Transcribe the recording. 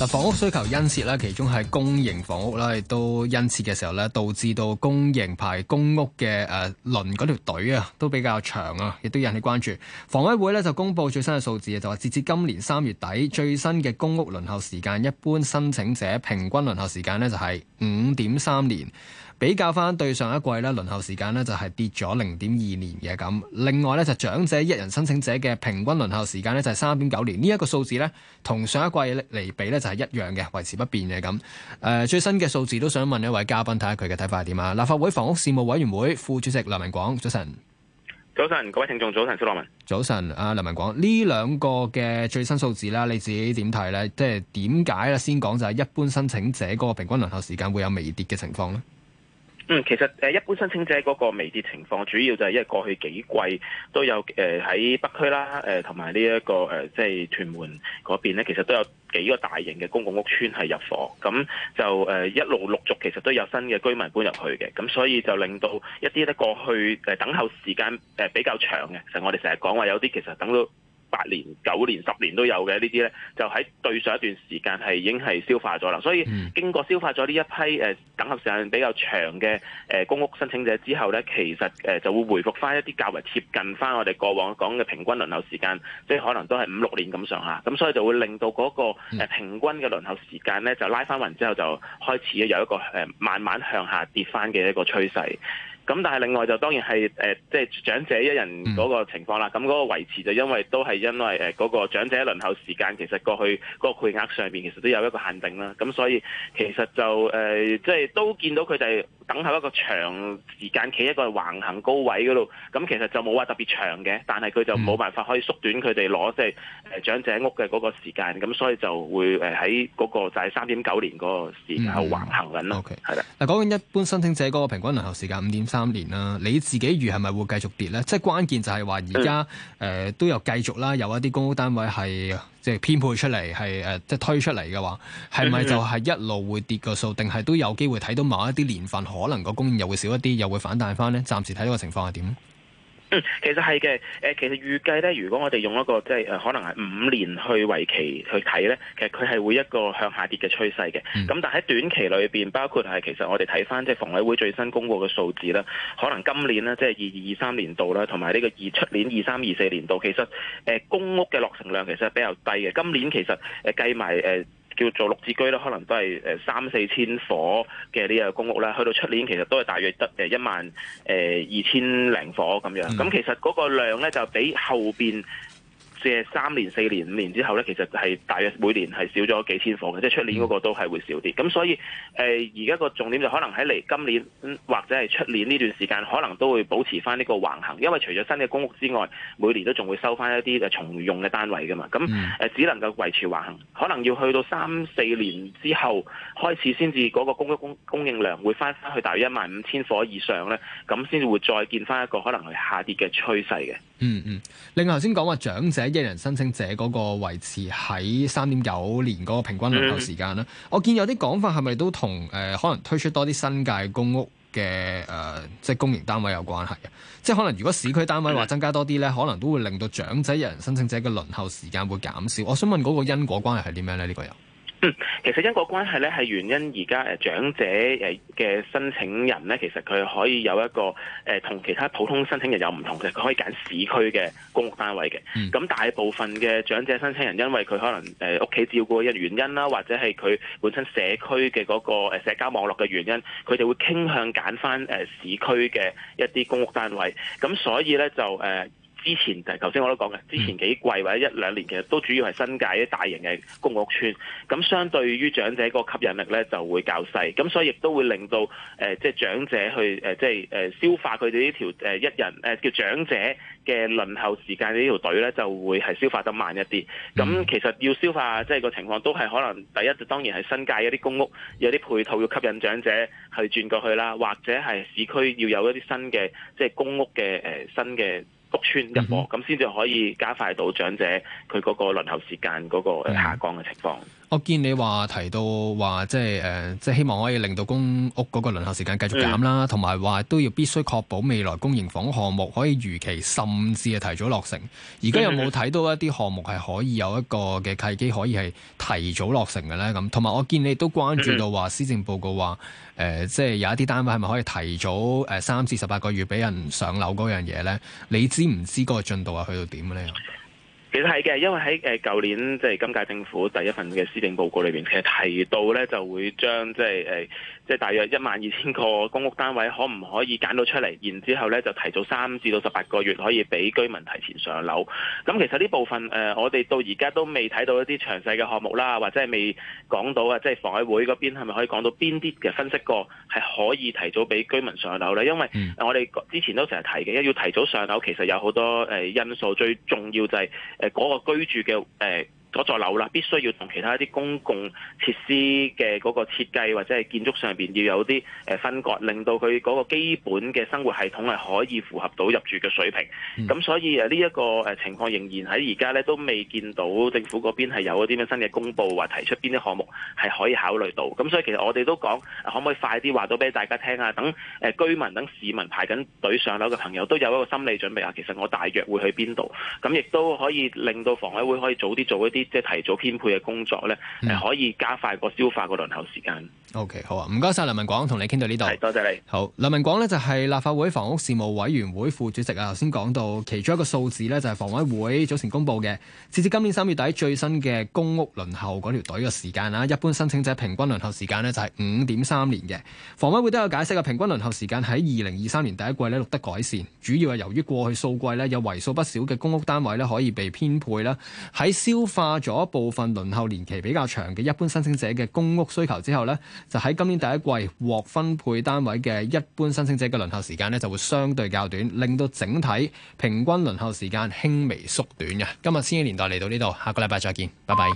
嗱，房屋需求殷切啦，其中係公營房屋啦，亦都殷切嘅時候咧，導致到公營排公屋嘅誒、呃、輪嗰條隊啊，都比較長啊，亦都引起關注。房委會咧就公布最新嘅數字就話截至今年三月底，最新嘅公屋輪候時間，一般申請者平均輪候時間咧就係五點三年。比較翻對上一季咧，輪候時間咧就係跌咗零點二年嘅咁。另外咧就長者一人申請者嘅平均輪候時間咧就係三點九年呢一、這個數字咧，同上一季嚟比咧就係一樣嘅，維持不變嘅咁。誒、呃、最新嘅數字都想問一位嘉賓睇下佢嘅睇法係點啊？立法會房屋事務委員會副主席梁文廣，早晨。早晨，各位聽眾，早晨，小羅文。早晨，阿梁文廣，呢兩個嘅最新數字啦，你自己點睇咧？即係點解咧先講就係一般申請者嗰個平均輪候時間會有微跌嘅情況呢？嗯，其實一般申請者嗰個微跌情況，主要就係因為過去幾季都有誒喺北區啦，誒同埋呢一個誒即係屯門嗰邊咧，其實都有幾個大型嘅公共屋邨係入伙。咁就誒一路陸續其實都有新嘅居民搬入去嘅，咁所以就令到一啲咧過去誒等候時間誒比較長嘅，其實我哋成日講話有啲其實等到。八年、九年、十年都有嘅呢啲呢，就喺對上一段時間係已經係消化咗啦。所以經過消化咗呢一批誒、呃、等候時間比較長嘅誒、呃、公屋申請者之後呢，其實誒、呃、就會回復翻一啲較為貼近翻我哋過往講嘅平均輪候時間，即係可能都係五六年咁上下。咁所以就會令到嗰個平均嘅輪候時間呢，就拉翻勻之後就開始有一個、呃、慢慢向下跌翻嘅一個趨勢。咁但係另外就當然係即係長者一人嗰個情況啦。咁嗰個維持就因為都係因為嗰、呃嗰個長者輪候時間，其實過去個配額上面，其實都有一個限定啦。咁所以其實就即係、呃即係、都見到佢哋，等候一個長時間企一個橫行高位嗰度，咁其實就冇話特別長嘅，但係佢就冇辦法可以縮短佢哋攞即係誒長者屋嘅嗰個時間，咁所以就會誒喺嗰個就係三點九年嗰個時間橫行緊咯。係啦、嗯，嗱，講緊一般申請者嗰個平均輪候時間五點三年啦。你自己預係咪會繼續跌咧？即係關鍵就係話而家誒都有繼續啦，有一啲公屋單位係。即係編配出嚟，係誒、呃，即係推出嚟嘅話，係咪就係一路會跌個數？定係都有機會睇到某一啲年份可能個供應又會少一啲，又會反彈翻咧？暫時睇到個情況係點？嗯，其實係嘅，誒、呃，其實預計咧，如果我哋用一個即係誒、呃，可能係五年去為期去睇咧，其實佢係會一個向下跌嘅趨勢嘅。咁、嗯、但係喺短期裏邊，包括係其實我哋睇翻即係房委會最新公佈嘅數字啦，可能今年咧即係二二二三年度啦，同埋呢個二出年二三二四年度，其實誒、呃、公屋嘅落成量其實比較低嘅。今年其實誒、呃、計埋誒、呃叫做六字居啦，可能都係誒三四千伙嘅呢個公屋啦。去到出年其實都係大約得誒一萬誒、呃、二千零伙咁樣。咁其實嗰個量咧就比後邊。即三年、四年、五年之後咧，其實係大約每年係少咗幾千貨嘅，即係出年嗰個都係會少啲。咁、嗯、所以誒，而家個重點就可能喺嚟今年或者係出年呢段時間，可能都會保持翻呢個橫行，因為除咗新嘅公屋之外，每年都仲會收翻一啲誒重用嘅單位㗎嘛。咁誒只能夠維持橫行，可能要去到三四年之後開始先至嗰個供供應量會翻翻去大約一萬五千貨以上咧，咁先會再見翻一個可能係下跌嘅趨勢嘅。嗯嗯，另外頭先講話長者。一人申請者嗰個維持喺三點九年嗰個平均輪候時間啦，mm hmm. 我見有啲講法係咪都同誒、呃、可能推出多啲新界公屋嘅誒、呃，即係公營單位有關係啊？即係可能如果市區單位話增加多啲呢，可能都會令到長者一人申請者嘅輪候時間會減少。我想問嗰個因果關係係點樣呢？呢、呢個人。嗯、其實因果關係咧係原因，而家誒長者誒嘅申請人咧，其實佢可以有一個誒同、呃、其他普通申請人有唔同嘅，佢可以揀市區嘅公屋單位嘅。咁、嗯、大部分嘅長者申請人，因為佢可能屋企、呃、照顧嘅原因啦，或者係佢本身社區嘅嗰、嗰個、呃、社交網絡嘅原因，佢就會傾向揀翻、呃、市區嘅一啲公屋單位。咁所以咧就、呃之前就係頭先我都講嘅，之前幾季或者一兩年，其實都主要係新界啲大型嘅公屋村，咁相對於長者嗰個吸引力咧就會較細，咁所以亦都會令到誒即係長者去誒即係誒消化佢哋呢條誒、呃、一人誒、呃、叫長者嘅輪候時間呢條隊咧就會係消化得慢一啲。咁其實要消化即係、就是、個情況都係可能第一當然係新界一啲公屋有啲配套要吸引長者去轉過去啦，或者係市區要有一啲新嘅即係公屋嘅、呃、新嘅。屋邨入喎，咁先至可以加快到長者佢嗰個輪候時間嗰個下降嘅情況。嗯我見你話提到話，即係誒、呃，即係希望可以令到公屋嗰個輪候時間繼續減啦，同埋話都要必須確保未來公營房項目可以如期甚至係提早落成。而家有冇睇到一啲項目係可以有一個嘅契機可以係提早落成嘅呢？咁同埋我見你都關注到話，施政報告話誒、呃，即係有一啲單位係咪可以提早誒三至十八個月俾人上樓嗰樣嘢呢？你知唔知嗰個進度係去到點呢？其實係嘅，因為喺誒舊年即係、就是、今屆政府第一份嘅施政報告裏邊，其實提到咧就會將即係即係大約一萬二千個公屋單位，可唔可以揀到出嚟？然之後咧就提早三至到十八個月，可以俾居民提前上樓。咁其實呢部分誒、呃，我哋到而家都未睇到一啲詳細嘅項目啦，或者係未講到啊，即係房委會嗰邊係咪可以講到邊啲嘅分析過係可以提早俾居民上樓咧？因為我哋之前都成日提嘅，要提早上樓其實有好多、呃、因素，最重要就係、是。誒，嗰個居住嘅誒。呃所在樓啦，必須要同其他一啲公共設施嘅嗰個設計或者係建築上邊要有啲誒分割，令到佢嗰個基本嘅生活系統係可以符合到入住嘅水平。咁、嗯、所以誒呢一個誒情況仍然喺而家咧都未見到政府嗰邊係有啲咩新嘅公布或提出邊啲項目係可以考慮到。咁所以其實我哋都講，可唔可以快啲話到俾大家聽啊？等誒居民等市民排緊隊上樓嘅朋友都有一個心理準備啊！其實我大約會去邊度？咁亦都可以令到房委會可以早啲做一啲。即係提早編配嘅工作咧，係、呃、可以加快個消化個輪候時間。O、okay, K，好啊，唔該晒。梁文廣，同你傾到呢度。係多謝你。好，梁文廣呢，就係立法會房屋事務委員會副主席啊。頭先講到其中一個數字咧，就係房委會早前公布嘅，截至今年三月底最新嘅公屋輪候嗰條隊嘅時間啦。一般申請者平均輪候時間呢，就係五點三年嘅。房委會都有解釋嘅平均輪候時間喺二零二三年第一季咧錄得改善，主要係由於過去數季咧有為數不少嘅公屋單位咧可以被編配啦，喺消化加咗部分輪候年期比較長嘅一般申請者嘅公屋需求之後呢，就喺今年第一季獲分配單位嘅一般申請者嘅輪候時間呢就會相對較短，令到整體平均輪候時間輕微縮短嘅。今日千禧年代嚟到呢度，下個禮拜再見，拜拜。